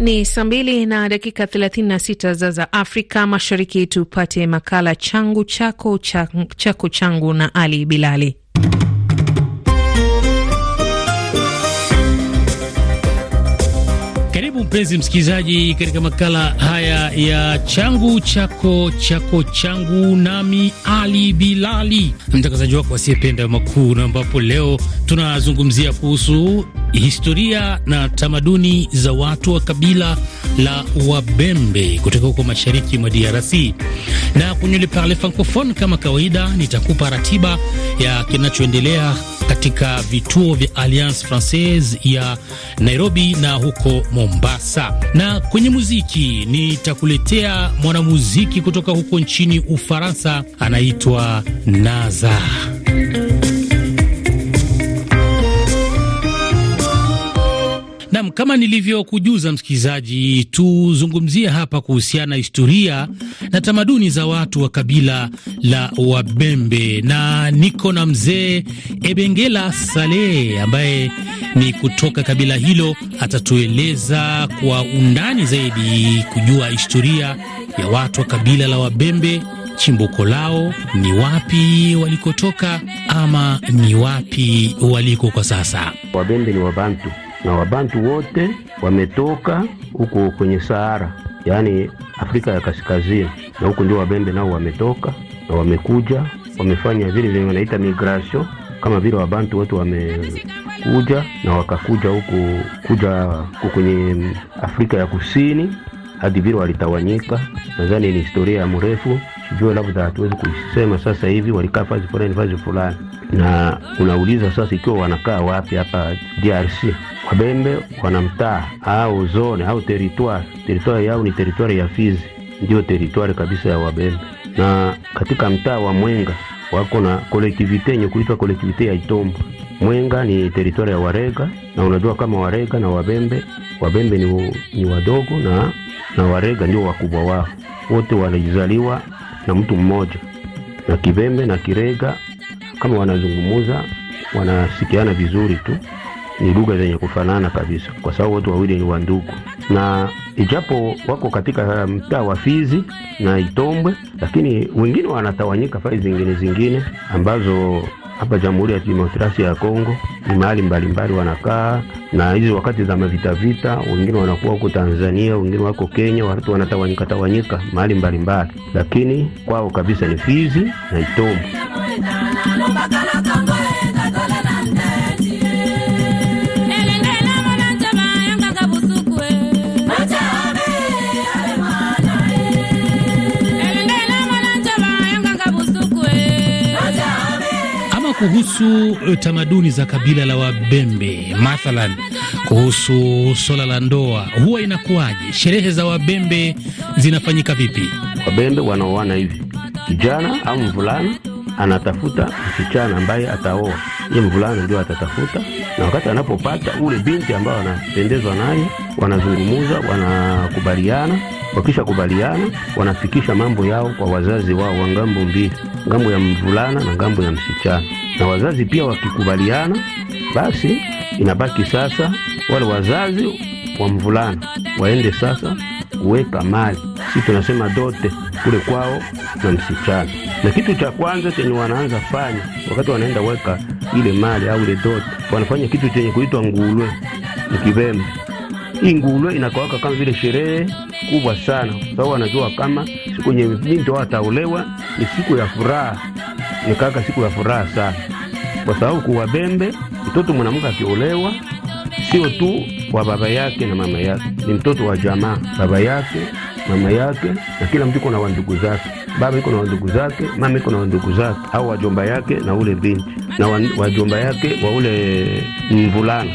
Ni saa mbili na dakika 36 za za Afrika Mashariki. Tupate makala changu chako chako changu na Ali Bilali. mpenzi msikilizaji, katika makala haya ya changu chako chako changu, nami Ali Bilali mtangazaji wako asiyependa makuu, na ambapo leo tunazungumzia kuhusu historia na tamaduni za watu wa kabila la Wabembe kutoka huko mashariki mwa DRC na kwenye Le Parle Francophone. Kama kawaida, nitakupa ratiba ya kinachoendelea katika vituo vya Alliance Francaise ya Nairobi na huko Mombasa sasa. Na kwenye muziki nitakuletea mwanamuziki kutoka huko nchini Ufaransa, anaitwa Naza. Nam, kama nilivyokujuza msikilizaji, tuzungumzie hapa kuhusiana na historia na tamaduni za watu wa kabila la Wabembe, na niko na mzee Ebengela Saleh ambaye ni kutoka kabila hilo. Atatueleza kwa undani zaidi kujua historia ya watu wa kabila la Wabembe, chimbuko lao ni wapi walikotoka, ama ni wapi waliko kwa sasa. Wabembe ni Wabantu na Wabantu wote wametoka huko kwenye Sahara, yaani Afrika ya Kaskazini, na huku ndio Wabembe nao wametoka na wamekuja, wamefanya vile vile wanaita migration kama vile Wabantu watu wamekuja na wakakuja huku kuja huku kwenye Afrika ya Kusini hadi vile walitawanyika. Nadhani ni historia ya mrefu, sijui labda hatuwezi kuisema sasa hivi. Walikaa fazi fulani fazi fulani, na unauliza sasa, ikiwa wanakaa wapi hapa DRC? Wabembe wana mtaa au zone au teritwari, teritwari yao ni teritwari ya Fizi, ndio teritwari kabisa ya Wabembe, na katika mtaa wa Mwenga wako na kolektivite yenye kuitwa kolektivite ya Itombo. Mwenga ni teritwari ya Warega, na unajua kama Warega na Wabembe, Wabembe ni, ni wadogo na, na Warega ndio wakubwa wao. Wote walizaliwa na mtu mmoja, na Kibembe na Kirega kama wanazungumuza wanasikiana vizuri tu ni lugha zenye kufanana kabisa, kwa sababu watu wawili ni wandugu, na ijapo wako katika uh, mtaa wa Fizi na Itombwe, lakini wengine wanatawanyika fai zingine zingine ambazo hapa Jamhuri ya Kidemokrasia ya Kongo ni mahali mbalimbali wanakaa, na hizi wakati za mavita vita, wengine wanakuwa huko Tanzania, wengine wako Kenya, watu wanatawanyika tawanyika mahali mbalimbali, lakini kwao kabisa ni Fizi na Itombwe. kuhusu tamaduni za kabila la Wabembe, mathalan kuhusu swala la ndoa, huwa inakuwaje? Sherehe za Wabembe zinafanyika vipi? Wabembe wanaoana hivi, kijana au mvulana anatafuta msichana ambaye ataoa, ye mvulana ndio atatafuta, na wakati anapopata ule binti ambayo wanapendezwa naye, wanazungumuza, wanakubaliana Wakisha kubaliana wanafikisha mambo yao kwa wazazi wao wa ngambo mbili, ngambo ya mvulana na ngambo ya msichana na wazazi pia wakikubaliana, basi inabaki sasa wale wazazi wa mvulana waende sasa kuweka mali, si tunasema dote kule kwao na msichana. Na kitu cha kwanza chenye wanaanza fanya wakati wanaenda weka ile mali au ile dote, wanafanya kitu chenye kuitwa ngulwe mkibembe. Hii ngulwe inakawaka kama vile sherehe kubwa sana, sababu wanajua kama siku yenye binti wataolewa ni siku ya furaha kaka siku ya furaha sana, kwa sababu kuwa bembe mtoto mwanamke akiolewa sio tu wa baba yake na mama yake, ni mtoto wa jamaa, baba yake, mama yake, na kila mtu iko na wandugu zake. Baba iko na wandugu zake, mama iko na wandugu zake, au wajomba yake na ule binti na wajomba yake wa ule mvulana,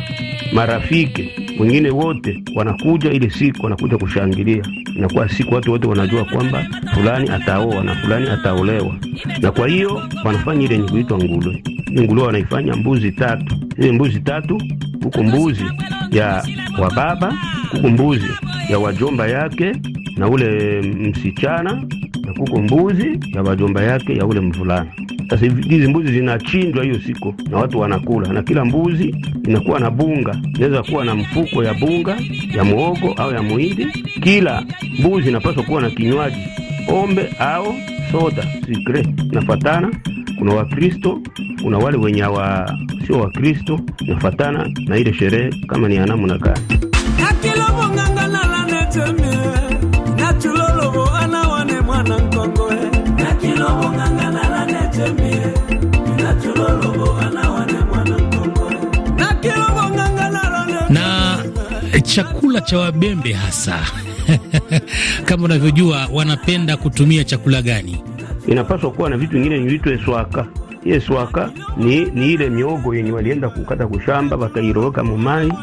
marafiki wengine wote wanakuja ile siku, wanakuja kushangilia inakuwa siku watu wote wanajua kwamba fulani ataoa na fulani ataolewa, na kwa hiyo wanafanya ile yenye kuitwa ngulwe. Ngulwe wanaifanya mbuzi tatu, ile mbuzi tatu huko mbuzi ya wa baba, kuko mbuzi ya wajomba yake na ule msichana, na kuko mbuzi ya wajomba yake ya ule mvulana. Sasa hizi mbuzi zinachinjwa hiyo siku na watu wanakula, na kila mbuzi inakuwa na bunga, inaweza kuwa na mfuko ya bunga ya muogo au ya muhindi. Kila mbuzi inapaswa kuwa na kinywaji, pombe au soda sikre, nafatana kuna Wakristo, kuna wale wenye wa sio Wakristo, nafatana na ile sherehe kama ni anamu na gani na na chakula cha Wabembe hasa kama unavyojua wanapenda kutumia chakula gani? Inapaswa kuwa na vitu vingine viitwe swaka. Ile swaka ni, ni ile miogo yenye walienda kukata kushamba wakairoweka mumai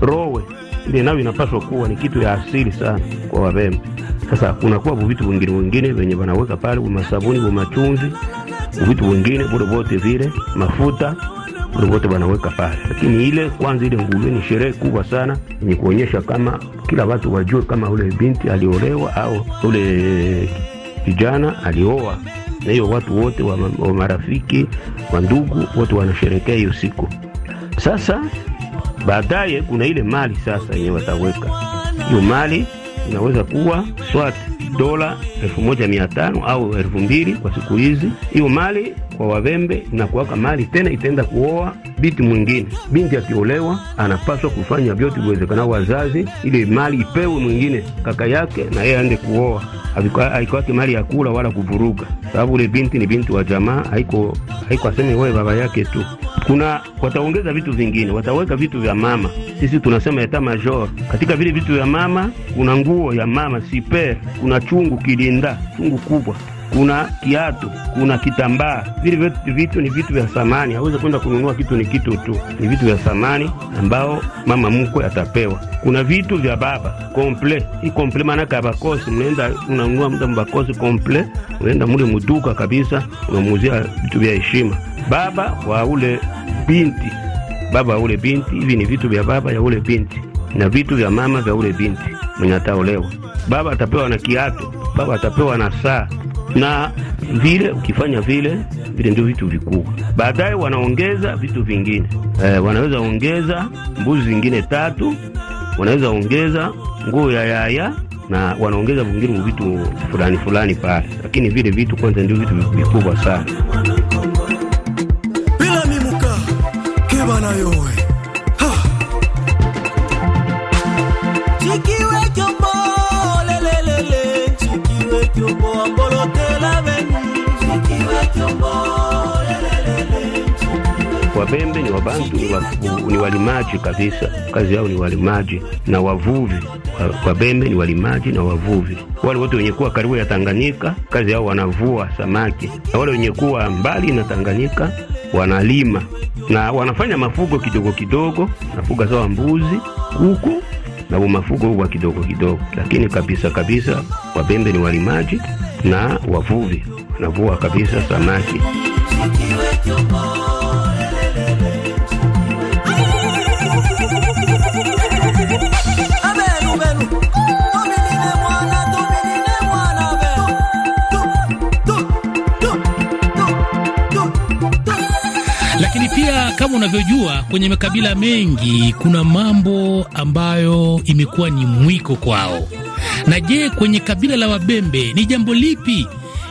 rowe, ile nayo inapaswa kuwa ni kitu ya asili sana kwa Wabembe. Sasa kunakuwa vitu vingine vingine venye wanaweka pale, masabuni, machunzi, vitu vingine bure bote vile, mafuta bure bote wanaweka pale. Lakini ile kwanza, ile nguruwe ni sherehe kubwa sana yenye kuonyesha kama kila watu wajue kama ule binti aliolewa au ule kijana alioa, na hiyo watu wote wa, wa marafiki wa ndugu wote wanasherekea hiyo siku. Sasa baadaye kuna ile mali sasa yenye wataweka hiyo mali inaweza kuwa Swati dola elfu moja mia tano au elfu mbili kwa siku hizi. Hiyo mali kwa wavembe na kuwaka mali tena, itaenda kuoa binti mwingine. Binti akiolewa anapaswa kufanya vyote viwezekanao wazazi, ili mali ipewe mwingine kaka yake, na yeye aende kuoa. Haikwake mali ya kula wala kuvuruga, sababu ule binti ni binti wa jamaa, haiko haiko aseme wewe baba yake tu. Kuna wataongeza vitu vingine, wataweka vitu vya mama. Sisi tunasema eta major katika vile vitu vya mama, kuna nguo ya mama siper, kuna chungu kilinda, chungu kubwa, kuna kiatu, kuna kitambaa. Vile vitu, vitu ni vitu vya thamani, aweze kwenda kununua kitu, ni kitu tu, ni vitu vya thamani ambao mama mkwe atapewa. Kuna vitu vya baba komple, hii komple maanake abakosi, mnaenda unanunua mda mbakosi komple, unaenda mule muduka kabisa, unamuuzia vitu vya heshima baba wa ule binti, baba wa ule binti. Hivi ni vitu vya baba ya ule binti na vitu vya mama vya ule binti mwenye ataolewa. Baba atapewa na kiatu, baba atapewa na saa na vile. Ukifanya vile vile, ndio vitu vikubwa. Baadaye wanaongeza vitu vingine e, wanaweza ongeza mbuzi zingine tatu, wanaweza ongeza nguo ya yaya na wanaongeza vingine vitu fulani fulani pale, lakini vile vitu kwanza ndio vitu vikubwa sana bila mimuka kebanayowe Wabembe ni Wabantu, ni walimaji kabisa, kazi yao ni walimaji na wavuvi. Wabembe ni walimaji na wavuvi. Wale wote wenye kuwa karibu ya Tanganyika, kazi yao wanavua samaki, na wale wenye kuwa mbali na Tanganyika wanalima na wanafanya mafugo kidogo kidogo, nafuga sawa mbuzi, kuku na mafugo huwa kidogo kidogo, lakini kabisa kabisa Wabembe ni walimaji na wavuvi, wanavua kabisa samaki. kama unavyojua kwenye makabila mengi kuna mambo ambayo imekuwa ni mwiko kwao. Na je, kwenye kabila la Wabembe ni jambo lipi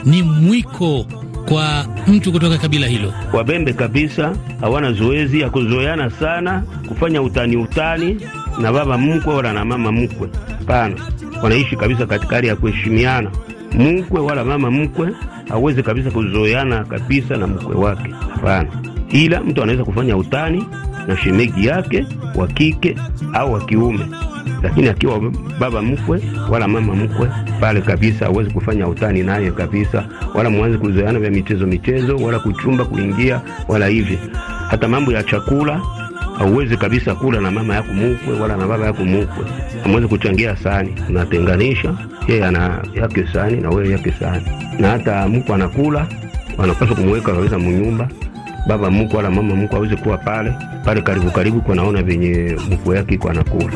ni mwiko kwa mtu kutoka kabila hilo? Wabembe kabisa hawana zoezi ya kuzoeana sana, kufanya utani utani na baba mkwe wala na mama mkwe. Hapana, wanaishi kabisa katika hali ya kuheshimiana. Mkwe wala mama mkwe hawezi kabisa kuzoeana kabisa na mkwe wake, hapana ila mtu anaweza kufanya utani na shemeji yake wa kike au wa kiume, lakini akiwa baba mkwe wala mama mkwe pale kabisa hawezi kufanya utani naye kabisa, wala mwanze kuzoeana vya michezo michezo, wala kuchumba kuingia, wala hivi. Hata mambo ya chakula hauwezi kabisa kula na mama yako mkwe wala na baba yako mkwe, amwezi kuchangia sahani, unatenganisha yeye ana yake sahani na wewe yake sahani, na hata mkwe anakula wanapaswa kumweka kabisa munyumba baba mko wala mama mko aweze kuwa pale pale, karibu karibu, kwa naona venye mkwe yake iko anakula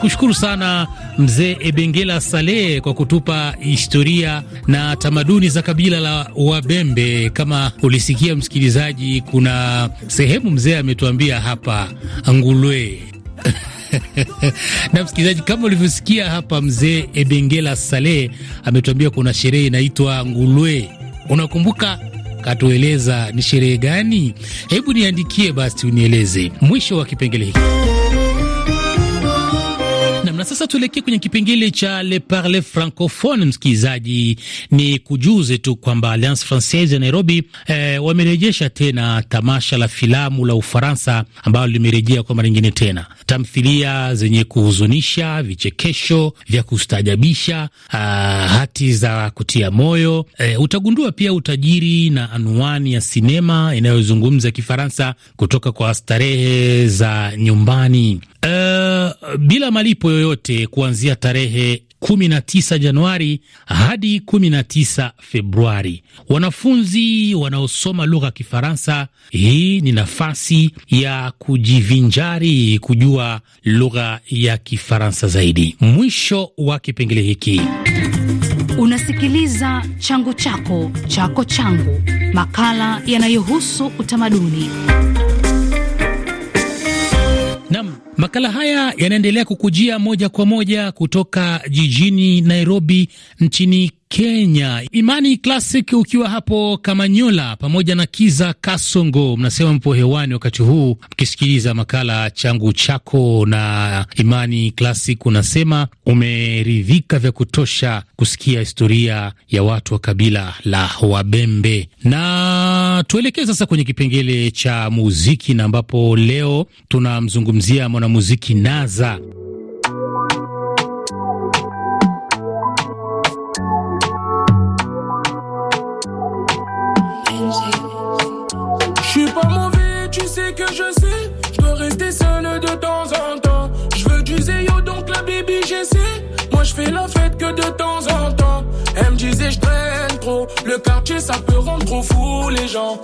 Kushukuru sana mzee Ebengela Saleh kwa kutupa historia na tamaduni za kabila la Wabembe. Kama ulisikia msikilizaji, kuna sehemu mzee ametuambia hapa ngulwe na msikilizaji, kama ulivyosikia hapa, mzee Ebengela Saleh ametuambia kuna sherehe inaitwa ngulwe. Unakumbuka? Katueleza ni sherehe gani? Hebu niandikie basi unieleze mwisho wa kipengele hiki. Na sasa tuelekee kwenye kipengele cha Le Parle Francophone. Msikilizaji, ni kujuze tu kwamba Alliance Francaise ya Nairobi eh, wamerejesha tena tamasha la filamu la Ufaransa ambalo limerejea kwa mara nyingine tena, tamthilia zenye kuhuzunisha, vichekesho vya kustaajabisha, ah, hati za kutia moyo. Eh, utagundua pia utajiri na anwani ya sinema inayozungumza Kifaransa kutoka kwa starehe za nyumbani, eh, bila malipo yoyote yote kuanzia tarehe 19 Januari hadi 19 Februari. Wanafunzi wanaosoma lugha ya Kifaransa, hii ni nafasi ya kujivinjari, kujua lugha ya Kifaransa zaidi. Mwisho wa kipengele hiki. Unasikiliza changu chako chako changu, makala yanayohusu utamaduni. Makala haya yanaendelea kukujia moja kwa moja kutoka jijini Nairobi nchini Kenya. Imani Classic ukiwa hapo Kamanyola pamoja na Kiza Kasongo, mnasema mpo hewani wakati huu mkisikiliza makala changu chako na Imani Classic. Unasema umeridhika vya kutosha kusikia historia ya watu wa kabila la Wabembe, na tuelekee sasa kwenye kipengele cha muziki na ambapo leo tunamzungumzia mwanamuziki Naza. je traîne trop, le quartier ça peut rendre trop fou les gens.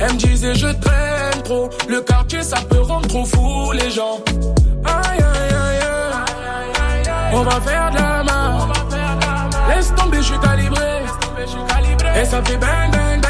Elle disait je traîne trop, le quartier ça peut rendre trop fou les gens. Aïe aïe aïe aïe, on va faire de la main. Laisse tomber, je suis calibré. Et ça fait bang bang bang.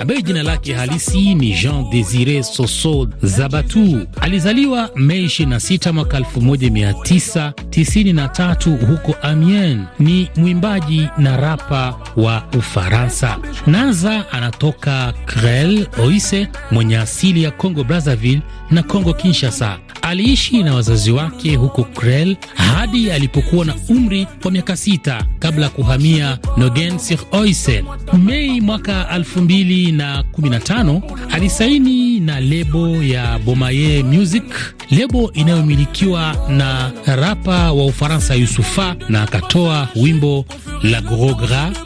ambaye jina lake halisi ni Jean Desire Soso Zabatu. Alizaliwa Mei 26 mwaka 1993 huko amien Ni mwimbaji na rapa wa Ufaransa. Naza anatoka Krel Oise, mwenye asili ya Congo Brazzaville na Congo Kinshasa. Aliishi na wazazi wake huko Krel hadi alipokuwa na umri wa miaka sita kabla ya kuhamia Nogen sur Oise. Mei mwaka 2015 alisaini na lebo ya Bomaye Music, lebo inayomilikiwa na rapa wa Ufaransa Yusufa, na akatoa wimbo la Gros Gras.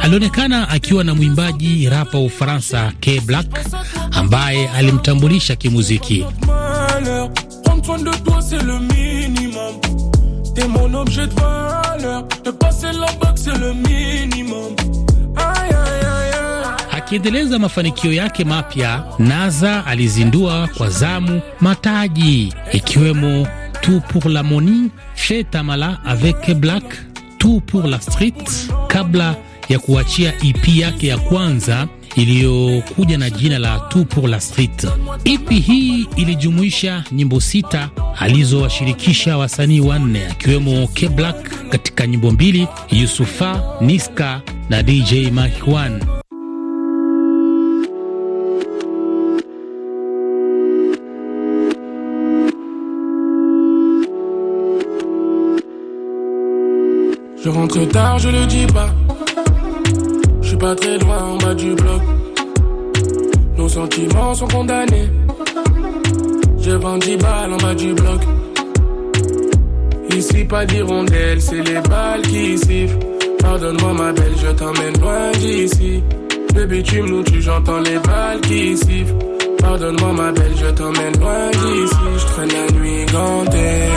Alionekana akiwa na mwimbaji rapa wa Ufaransa K Black ambaye alimtambulisha kimuziki fan de toi, c'est le minimum. T'es mon objet de valeur. Te passer la box, c'est le minimum. Aïe, aïe, aïe, aïe. Akiendeleza mafanikio yake mapya, Naza alizindua kwa zamu mataji ikiwemo Tout pour la Moni, Chez Tamala avec Black, Tout pour la Street kabla ya kuachia EP yake ya kwanza iliyokuja na jina la Tout pour la Street. EP hii ilijumuisha nyimbo sita alizowashirikisha wasanii wanne akiwemo K Black katika nyimbo mbili, Yusufa Niska na DJ Mark One. Je rentre tard, je le dis pas pas très loin en bas du bloc. Nos sentiments sont condamnés. vends 10 balles en bas du bloc. Ici, pas rondelles, c'est les balles qui sifflent. Pardonne-moi, ma belle, je t'emmène loin d'ici. Baby, tu me tu j'entends les balles qui sifflent. Pardonne-moi, ma belle, je t'emmène loin d'ici. Je traîne la nuit gantée.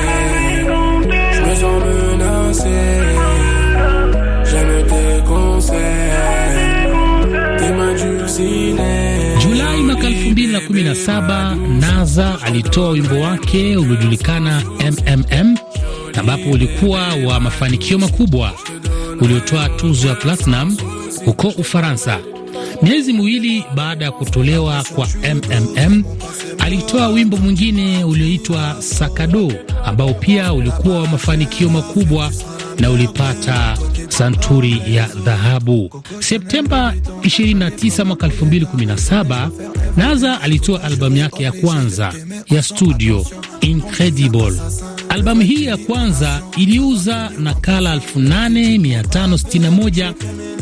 Je me sens menacé. Julai mwaka 2017 Naza alitoa wimbo wake uliojulikana MMM, ambapo ulikuwa wa mafanikio makubwa uliotoa tuzo ya platinum huko Ufaransa. Miezi miwili baada ya kutolewa kwa MMM, alitoa wimbo mwingine ulioitwa Sakado ambao pia ulikuwa wa mafanikio makubwa na ulipata santuri ya dhahabu. Septemba 29 mwaka 2017, Naza alitoa albamu yake ya kwanza ya studio Incredible. Albamu hii ya kwanza iliuza nakala 8561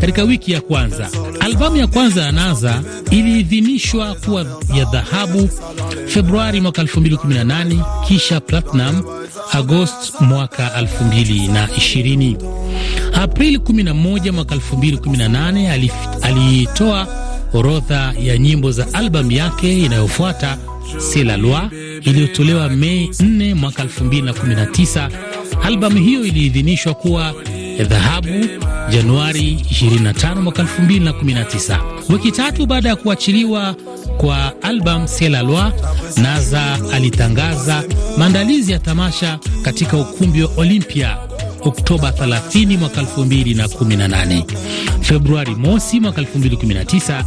katika wiki ya kwanza. Albamu ya kwanza ya Naza iliidhinishwa kuwa ya dhahabu Februari mwaka 2018, kisha platinum Agosti mwaka 2020. Aprili 11 mwaka 2018 aliitoa orodha ya nyimbo za albamu yake inayofuata C'est la loi iliyotolewa Mei 4 mwaka 2019. Albamu hiyo iliidhinishwa kuwa ya dhahabu Januari 25 mwaka 2019. Wiki tatu baada ya kuachiliwa kwa album C'est Loi, Naza alitangaza maandalizi ya tamasha katika ukumbi wa Olympia Oktoba 30 mwaka 2018. Februari mosi mwaka 2019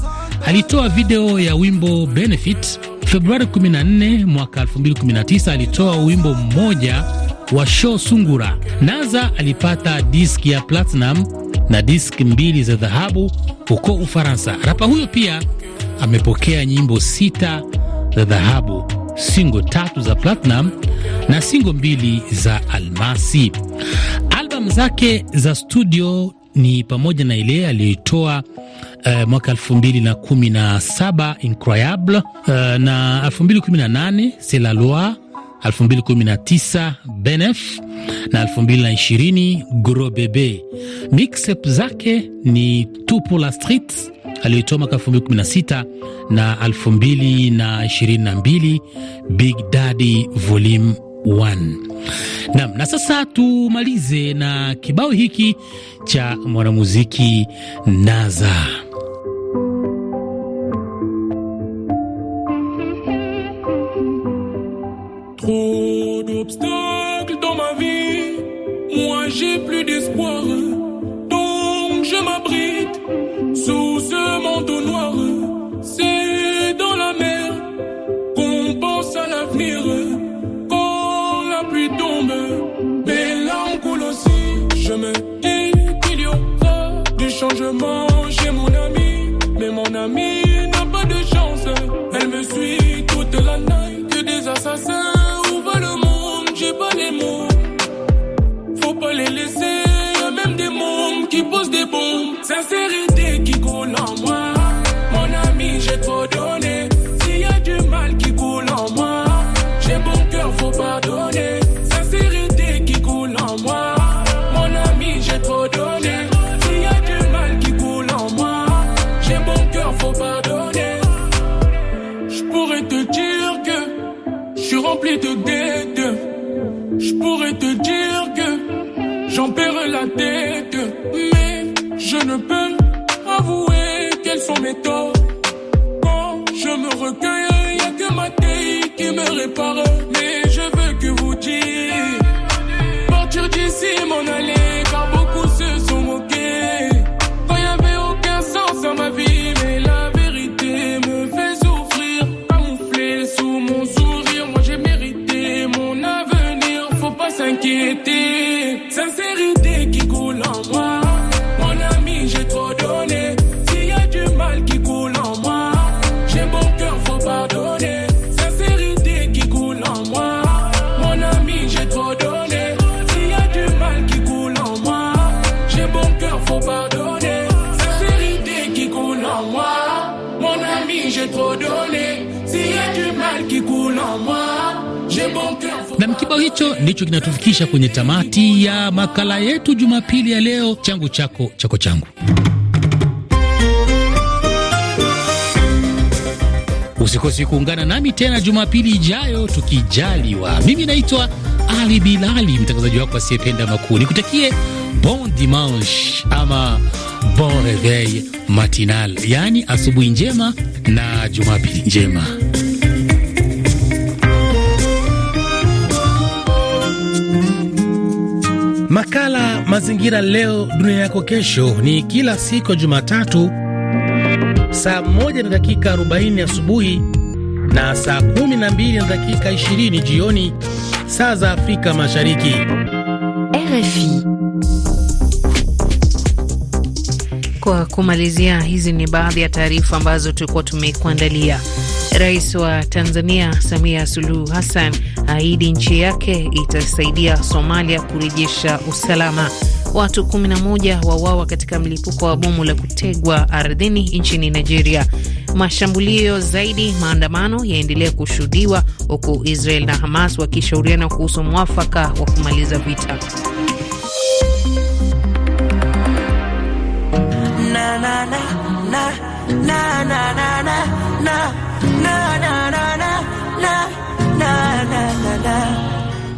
alitoa video ya wimbo Benefit. Februari 14 mwaka 2019 alitoa wimbo mmoja wa show Sungura. Naza alipata diski ya platinum na diski mbili za dhahabu huko Ufaransa. Rapa huyo pia amepokea nyimbo sita za dhahabu, singo tatu za platinum na singo mbili za almasi. Albamu zake za studio ni pamoja na ile aliyoitoa uh, mwaka 2017 Incroyable, uh, na 2018 C'est la loi, 2019 Benef na 2020 Gros Bebe. Mixtape zake ni Tout la street aliyoitoa mwaka 2016 na 2022 Big Daddy Volume 1. Naam, na sasa tumalize na kibao hiki cha mwanamuziki Naza. changement chez mon ami, mais mon ami n'a pas de chance. Elle me suit toute la night, que des assassins. Où va le monde J'ai pas les mots. Faut pas les laisser, même des mômes qui posent des bombes. Sincérité qui coule Je ne peux avouer quels sont mes torts. Quand je me recueille, n'y a que ma taille qui me répare. Mais je veux que vous dire, partir d'ici, mon aller, Nam kibao hicho ndicho kinatufikisha kwenye tamati ya makala yetu Jumapili ya leo, changu chako chako changu. Usikosi kuungana nami tena Jumapili ijayo tukijaliwa. Mimi naitwa Ali Bilali, mtangazaji wako asiyependa makuu. Nikutakie bon dimanche ama bon reveil matinal, yaani asubuhi njema na Jumapili njema. Makala Mazingira Leo Dunia Yako Kesho ni kila siku ya Jumatatu saa moja na dakika 40 asubuhi na saa 12 na dakika 20 jioni saa za Afrika Mashariki. RFI Kwa kumalizia, hizi ni baadhi ya taarifa ambazo tulikuwa tumekuandalia. Rais wa Tanzania Samia Suluhu Hassan aahidi nchi yake itasaidia Somalia kurejesha usalama. Watu 11 wauawa katika mlipuko wa bomu la kutegwa ardhini nchini Nigeria. Mashambulio zaidi, maandamano yaendelea kushuhudiwa huku Israel na Hamas wakishauriana kuhusu mwafaka wa kumaliza vita.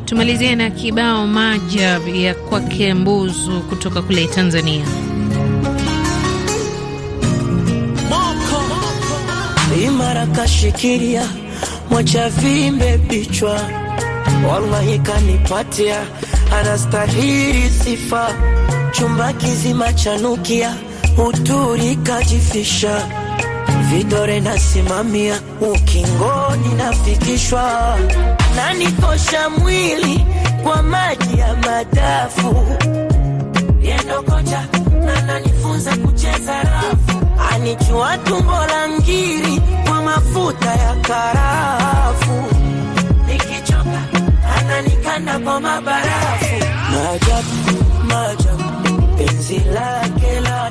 tumalizie na kibao Majab ya kwake Mbuzu kutoka kule Tanzania. Imara kashikilia mwacha vimbe bichwa, wallahi kanipatia, anastahili sifa, chumba kizima chanukia uturi kajifisha, vidore nasimamia, ukingoni nafikishwa, nanikosha mwili kwa maji ya madafu, yendo kocha na kucheza rafu, anichua tumbo la ngiri kwa mafuta ya karafu, nikichoka ananikanda kwa mabarafu, maajabu maajabu penzi lake la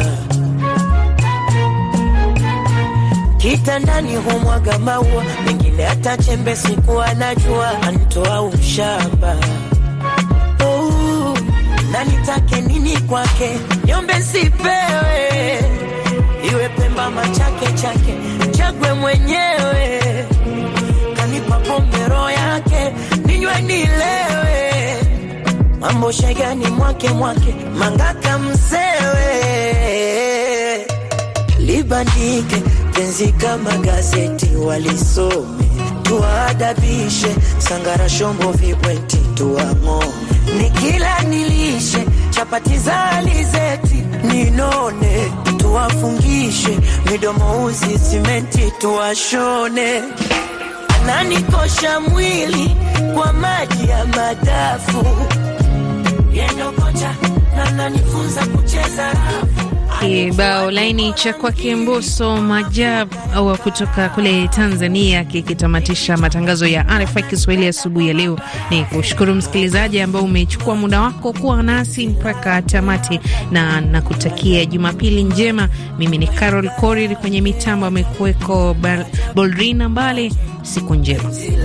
kitandani humwaga maua, mengine hata chembe sikuwa najua, antoa ushamba oh, na take nini kwake, nyombe sipewe, iwe Pemba machake chake, chagwe mwenyewe, kanipa pombe yake, ninywe nilewe, mambo shegani mwake mwake, mangaka msewe libandike penzi kama gazeti walisome, tuadabishe sangara shombo vipweti ni nikila nilishe chapati za alizeti ninone, tuwafungishe midomo uzi simenti tuwashone, ananikosha mwili kwa maji ya madafu yendo kocha na nanifunza kucheza rafu Kibao laini cha kwake mboso Majab au kutoka kule Tanzania kikitamatisha matangazo ya RFI Kiswahili asubuhi ya, ya leo. Ni kushukuru msikilizaji ambao umechukua muda wako kuwa nasi mpaka tamati, na nakutakia Jumapili njema. Mimi ni Carol Korir, kwenye mitambo amekuweko Boldrina Mbale. Siku njema.